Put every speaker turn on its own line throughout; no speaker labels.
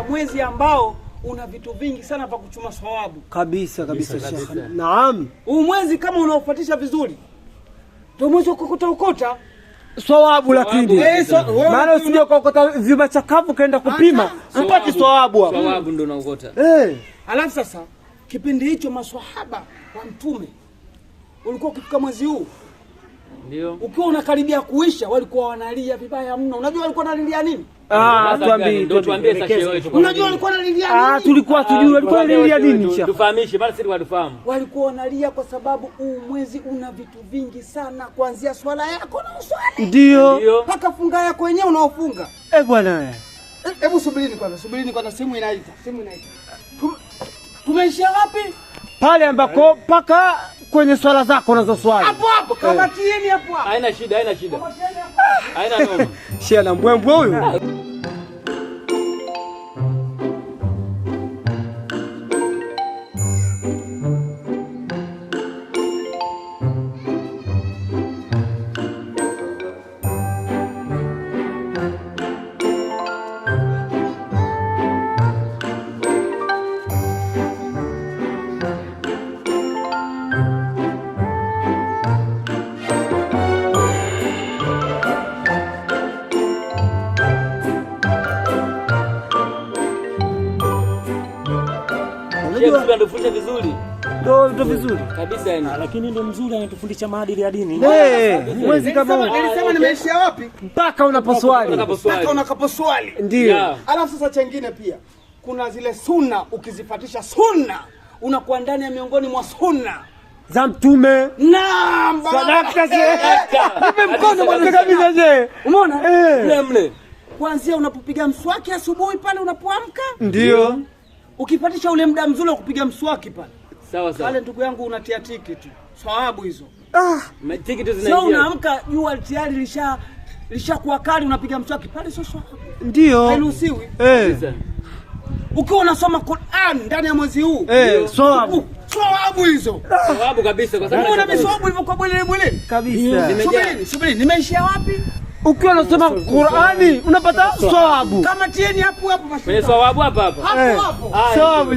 katika mwezi ambao una vitu vingi sana vya kuchuma
thawabu kabisa kabisa, shekhi.
Naam, huu mwezi kama unaofuatisha vizuri ndio mwezi wa ukota
thawabu, lakini eh, maana usije ukakota vyuma chakavu kaenda kupima mpati thawabu hapo. Thawabu
ndio unaokota eh. Alafu sasa kipindi hicho maswahaba wa mtume ulikuwa ukifika mwezi huu ukiwa unakaribia kuisha walikuwa wanalia vibaya mno. Unajua walikuwa wanalilia nini?
Ah, ah tuambie. tuambie sasa wewe.
Unajua walikuwa wanalilia ah, nini? Ah, tulikuwa tujui
walikuwa wanalilia nini
cha. Tufahamishe, bali sisi tunafahamu. Walikuwa
wanalia kwa sababu huu mwezi una vitu vingi sana kuanzia swala yako na uswali.
Ndio. Paka
funga yako wenyewe unaofunga. Eh,
bwana. Eh,
hebu subirini kwanza, subirini kwanza simu inaita. Simu inaita. Tumeishia wapi?
Pale ambako paka kwenye swala zako unazoswali
hapo hapo, eh. kamatieni hapo hapo.
Haina shida, haina shida, haina
noma. Shia na mbwembwe huyu.
unajua anatufundisha vizuri
ndo ndo vizuri kabisa yani,
lakini ndo mzuri anatufundisha maadili ya dini. Mwezi
kama huu nilisema
nimeishia wapi? Mpaka unaposwali
mpaka unakaposwali
ndio. Alafu sasa chengine pia kuna zile sunna, ukizifatisha sunna unakuwa ndani ya miongoni mwa sunna
za Mtume.
Naam, sadaka
nipe mkono kwanza
kabisa. Je, umeona mle mle kuanzia unapopiga mswaki asubuhi pale unapoamka
ndio ukipatisha
ule muda mzuri wa kupiga mswaki pale. Sawa sawa. Pale ndugu yangu unatia tiki Sawabu hizo.
Ah, tiki tu zinaingia. Sio unaamka
jua tayari lisha lishakuwa kali unapiga mswaki pale sio sawabu.
Ndio. Hairuhusiwi.
Eh. Ukiwa unasoma Qur'an ndani ya mwezi huu.
Eh, sawabu.
Sawabu uh, hizo.
Sawabu kabisa kwa sababu. Unaona hivyo
kwa mwilini mwilini? Kabisa. Subiri, subiri, nimeishia wapi? ukiwa
unasoma Qur'ani unapata
thawabu. Kama tieni hapo hapo,
thawabu hapa hapa, hapo hapo thawabu.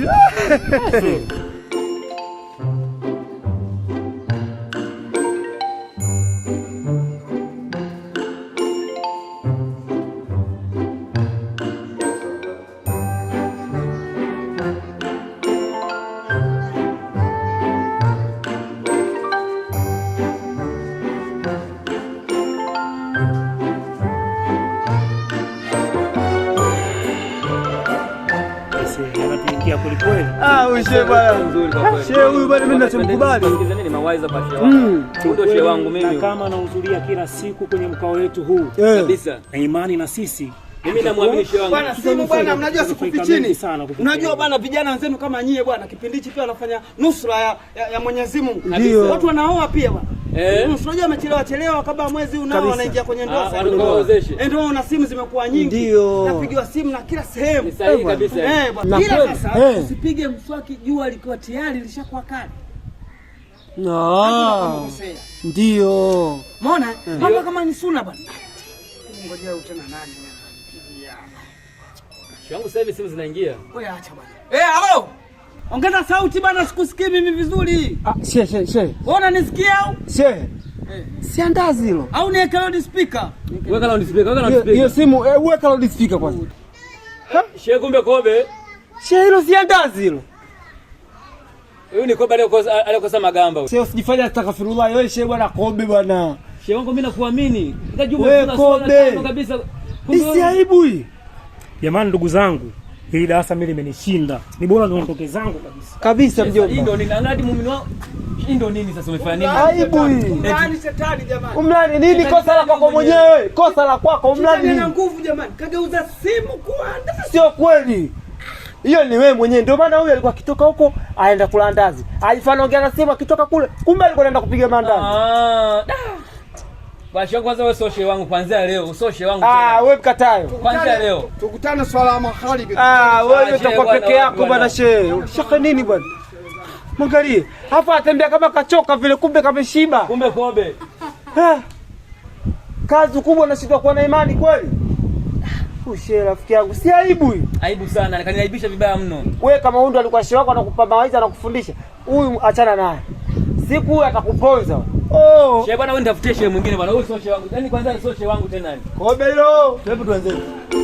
anakuja kweli kweli. Ah, ushe
bwana nzuri huyu bwana mimi ninachomkubali. Sikiza nini mawaidha kwa shehe wangu. Mm.
Ndio shehe wangu mimi.
Na kama anahudhuria kila siku kwenye mkao wetu huu. Eh. Kabisa. Na imani na sisi. Mimi
namwamini shehe wangu. Bwana
simu bwana, mnajua sikupi chini. Unajua bwana, vijana wenzenu kama nyie bwana, kipindi hichi pia wanafanya nusura ya, ya, ya Mwenyezi Mungu. Watu wanaoa pia bwana. Eh? Unajua amechelewa chelewa kabla mwezi unao wanaingia kwenye ah, ndoa sasa. Eh, ndoa na simu zimekuwa nyingi. Napigiwa simu na kila sehemu. Sahihi eh, kabisa. Bila sasa usipige mswaki jua liko tayari lishakuwa kali.
No. Ndio. Umeona?
Mambo kama ni suna bwana. Ngoja utena nani?
Shangu sasa hivi simu zinaingia. Wewe acha
bwana. Eh, halo. Ongeza sauti bana, sikusikii mimi vizuri.
Ah, she she she. Ona nisikia au? She. Eh. Si andazi hilo. Au niweke loud
speaker? Weka loud
speaker, weka loud speaker. Hiyo simu eh, weka loud
speaker kwanza. She kumbe
kobe. She hilo si andazi
hilo. Huyu
ni kobe aliyokosa aliyokosa magamba She usijifanye
atakafirullah wewe she bwana kobe bwana. She wangu mimi
nakuamini. Unajua wewe kobe
kabisa. aibu hii. Jamani ndugu zangu, hili darasa mimi limenishinda, ni bora niondoke zangu kabisa kabisa. Mjomba, hii ndio
ninangadi muumini wao.
Hii ndio nini sasa? Umefanya nini? Aibu
hii. Mlani yaani
shetani jamani, umlani nini? Kosa la kwako mwenyewe, kosa la kwako. Umlani nini? nguvu jamani, kageuza simu kuanda,
sio kweli hiyo ni wewe mwenyewe. Ndio maana huyu alikuwa akitoka huko aenda kula alifanya ongea na simu akitoka kule, kumbe alikuwa anaenda kupiga mandazi.
Ah, da basi kwanza wewe sio shehe wangu kwanza leo, sio shehe wangu. Ah, wewe
mkatayo. Kwanza
leo. Tukutane swala ya magharibi. Ah, wewe utakuwa
peke yako bwana shehe. Shaka nini bwana? Mwangalie. hapa atembea kama kachoka vile kumbe kameshiba.
Kumbe kobe.
Kazi kubwa na sitwa kuwa na imani kweli. Ushe rafiki yangu, si aibu hii? Aibu sana,
nikaniaibisha vibaya mno. Wewe kama huyu ndo
alikuwa shehe wako anakupa mawaidha na kufundisha, huyu achana naye. Siku atakuponza. Oh. Shehe bwana wewe
nitafutie shehe mwingine bwana. Huyu sio shehe wangu. Yaani kwanza sio shehe wangu tena. Kobe hilo. Hebu
tuanze.